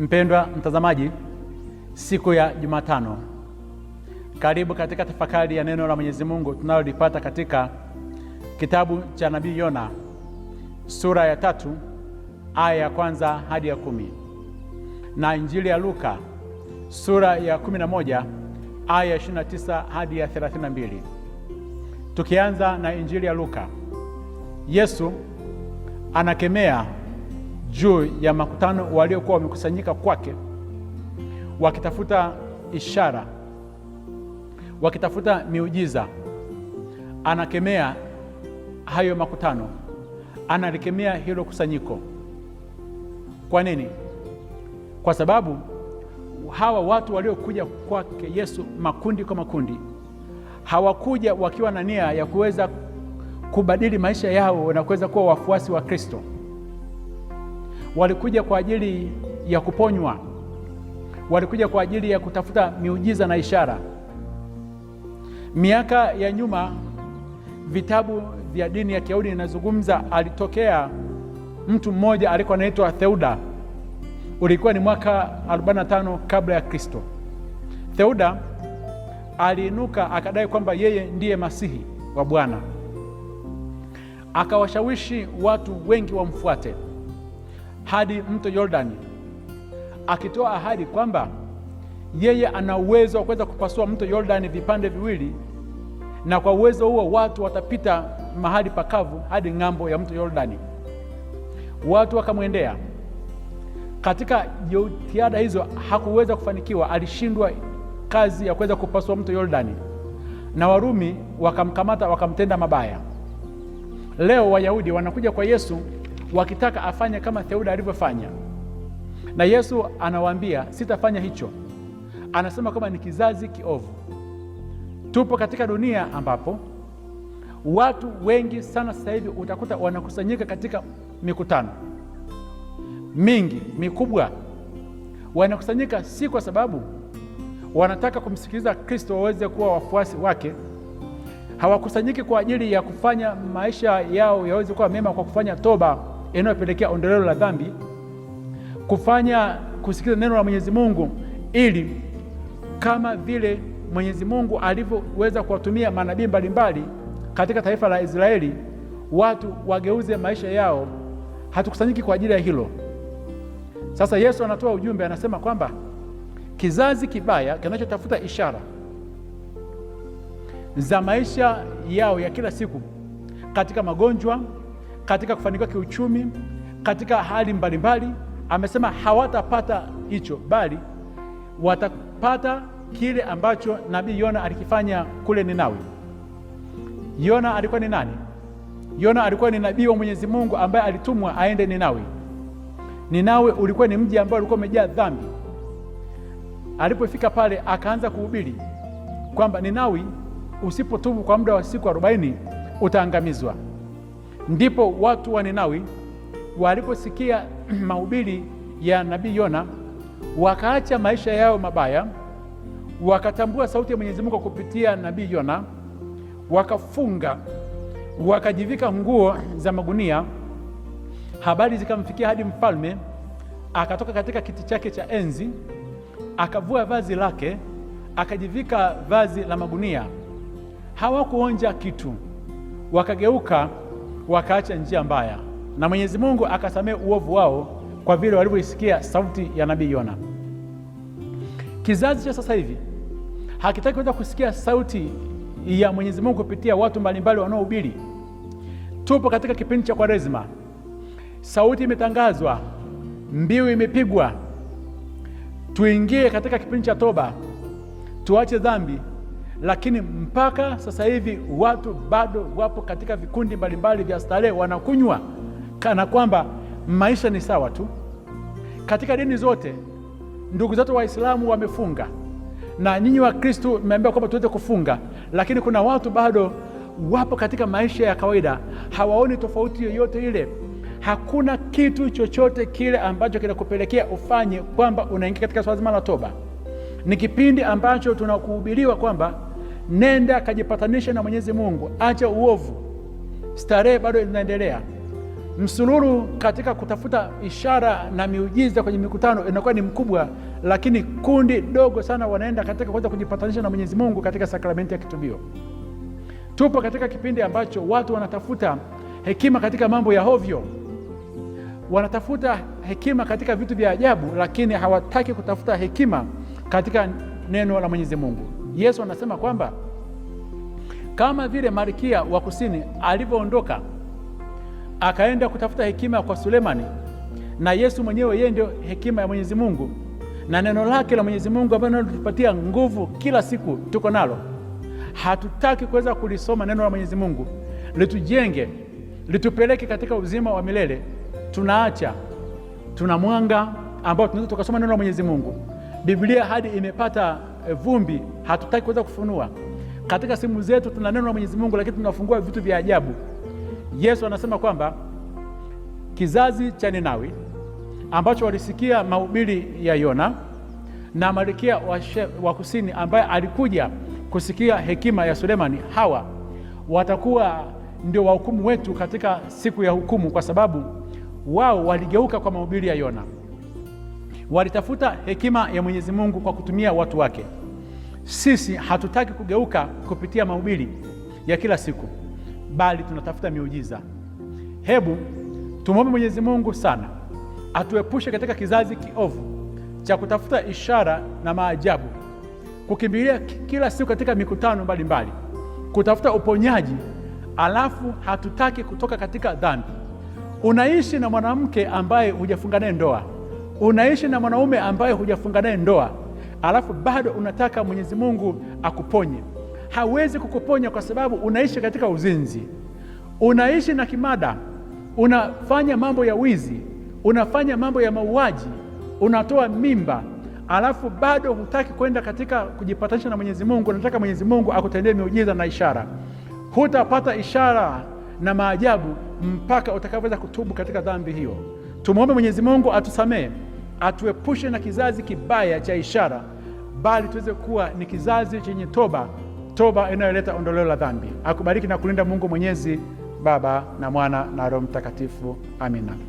Mpendwa mtazamaji, siku ya Jumatano, karibu katika tafakari ya neno la Mwenyezi Mungu tunalolipata katika kitabu cha nabii Yona sura ya tatu aya ya kwanza hadi ya kumi na Injili ya Luka sura ya kumi na moja aya ya ishirini na tisa hadi ya thelathini na mbili. Tukianza na Injili ya Luka, Yesu anakemea juu ya makutano waliokuwa wamekusanyika kwake, wakitafuta ishara, wakitafuta miujiza. Anakemea hayo makutano, analikemea hilo kusanyiko. Kwa nini? Kwa sababu hawa watu waliokuja kwake Yesu makundi kwa makundi, hawakuja wakiwa na nia ya kuweza kubadili maisha yao na kuweza kuwa wafuasi wa Kristo walikuja kwa ajili ya kuponywa, walikuja kwa ajili ya kutafuta miujiza na ishara. Miaka ya nyuma, vitabu vya dini ya Kiyahudi inazungumza, alitokea mtu mmoja alikuwa anaitwa Theuda. Ulikuwa ni mwaka 45 kabla ya Kristo. Theuda aliinuka akadai kwamba yeye ndiye masihi wa Bwana, akawashawishi watu wengi wamfuate hadi mto Yordani, akitoa ahadi kwamba yeye ana uwezo wa kuweza kupasua mto Yordani vipande viwili, na kwa uwezo huo watu watapita mahali pakavu hadi ng'ambo ya mto Yordani. Watu wakamwendea. Katika jitihada hizo hakuweza kufanikiwa, alishindwa kazi ya kuweza kupasua mto Yordani, na Warumi wakamkamata, wakamtenda mabaya. Leo Wayahudi wanakuja kwa Yesu wakitaka afanye kama Theuda alivyofanya, na Yesu anawaambia sitafanya hicho. Anasema kwamba ni kizazi kiovu. Tupo katika dunia ambapo watu wengi sana sasa hivi utakuta wanakusanyika katika mikutano mingi mikubwa, wanakusanyika si kwa sababu wanataka kumsikiliza Kristo waweze kuwa wafuasi wake. Hawakusanyiki kwa ajili ya kufanya maisha yao yaweze kuwa mema kwa kufanya toba inayopelekea ondoleo la dhambi, kufanya kusikiliza neno la Mwenyezi Mungu ili kama vile Mwenyezi Mungu alivyoweza kuwatumia manabii mbalimbali katika taifa la Israeli, watu wageuze maisha yao. Hatukusanyiki kwa ajili ya hilo. Sasa Yesu anatoa ujumbe, anasema kwamba kizazi kibaya kinachotafuta ishara za maisha yao ya kila siku katika magonjwa katika kufanikiwa kiuchumi katika hali mbalimbali mbali. Amesema hawatapata hicho, bali watapata kile ambacho nabii Yona alikifanya kule Ninawi. Yona alikuwa ni nani? Yona alikuwa ni nabii wa Mwenyezi Mungu ambaye alitumwa aende Ninawi. Ninawi ulikuwa ni mji ambao ulikuwa umejaa dhambi. Alipofika pale, akaanza kuhubiri kwamba Ninawi, usipotubu kwa muda wa siku arobaini utaangamizwa. Ndipo watu wa Ninawi waliposikia mahubiri ya nabii Yona, wakaacha maisha yao mabaya, wakatambua sauti ya Mwenyezi Mungu kupitia nabii Yona, wakafunga, wakajivika nguo za magunia. Habari zikamfikia hadi mfalme, akatoka katika kiti chake cha enzi, akavua vazi lake, akajivika vazi la magunia. Hawakuonja kitu, wakageuka wakaacha njia mbaya, na Mwenyezi Mungu akasamehe uovu wao kwa vile walivyoisikia sauti ya nabii Yona. Kizazi cha sasa hivi hakitaki kuweza kusikia sauti ya Mwenyezi Mungu kupitia watu mbalimbali wanaohubiri. Tupo katika kipindi cha Kwaresima, sauti imetangazwa, mbiu imepigwa. Tuingie katika kipindi cha toba, tuache dhambi lakini mpaka sasa hivi watu bado wapo katika vikundi mbalimbali vya starehe, wanakunywa kana kwamba maisha ni sawa tu. Katika dini zote ndugu zetu Waislamu wamefunga na nyinyi Wakristu mmeambiwa kwamba tuweze kufunga, lakini kuna watu bado wapo katika maisha ya kawaida, hawaoni tofauti yoyote ile. Hakuna kitu chochote kile ambacho kinakupelekea ufanye kwamba unaingia katika swala zima la toba. Ni kipindi ambacho tunakuhubiriwa kwamba nenda akajipatanisha na Mwenyezi Mungu, acha uovu. Starehe bado inaendelea. Msululu katika kutafuta ishara na miujiza kwenye mikutano inakuwa ni mkubwa, lakini kundi dogo sana wanaenda katika kuweza kujipatanisha na Mwenyezi Mungu katika sakramenti ya kitubio. Tupo katika kipindi ambacho watu wanatafuta hekima katika mambo ya hovyo, wanatafuta hekima katika vitu vya ajabu, lakini hawataki kutafuta hekima katika neno la Mwenyezi Mungu. Yesu anasema kwamba kama vile Malkia wa Kusini alivyoondoka akaenda kutafuta hekima kwa Sulemani, na Yesu mwenyewe yeye ndio hekima ya Mwenyezi Mungu na neno lake la Mwenyezi Mungu ambalo linatupatia nguvu kila siku, tuko nalo. Hatutaki kuweza kulisoma neno la Mwenyezi Mungu litujenge, litupeleke katika uzima wa milele. Tunaacha, tuna mwanga ambao tunaweza tukasoma neno la Mwenyezi Mungu. Biblia hadi imepata Eh, vumbi, hatutaki kuweza kufunua. Katika simu zetu tuna neno la Mwenyezi Mungu, lakini tunafungua vitu vya ajabu. Yesu anasema kwamba kizazi cha Ninawi ambacho walisikia mahubiri ya Yona na malikia wa, wa kusini ambaye alikuja kusikia hekima ya Sulemani, hawa watakuwa ndio wahukumu wetu katika siku ya hukumu, kwa sababu wao waligeuka kwa mahubiri ya Yona walitafuta hekima ya Mwenyezi Mungu kwa kutumia watu wake. Sisi hatutaki kugeuka kupitia mahubiri ya kila siku, bali tunatafuta miujiza. Hebu tumwombe Mwenyezi Mungu sana atuepushe katika kizazi kiovu cha kutafuta ishara na maajabu, kukimbilia kila siku katika mikutano mbalimbali mbali, kutafuta uponyaji alafu hatutaki kutoka katika dhambi. Unaishi na mwanamke ambaye hujafunga naye ndoa Unaishi na mwanaume ambaye hujafunga naye ndoa, alafu bado unataka Mwenyezi Mungu akuponye. Hawezi kukuponya kwa sababu unaishi katika uzinzi, unaishi na kimada, unafanya mambo ya wizi, unafanya mambo ya mauaji, unatoa mimba, alafu bado hutaki kwenda katika kujipatanisha na Mwenyezi Mungu. Unataka Mwenyezi Mungu akutendee miujiza na ishara. Hutapata ishara na maajabu mpaka utakavyoweza kutubu katika dhambi hiyo. Tumwombe Mwenyezi Mungu atusamee atuepushe na kizazi kibaya cha ishara, bali tuweze kuwa ni kizazi chenye toba, toba inayoleta ondoleo la dhambi. Akubariki na kulinda Mungu Mwenyezi, Baba na Mwana na Roho Mtakatifu. Amina.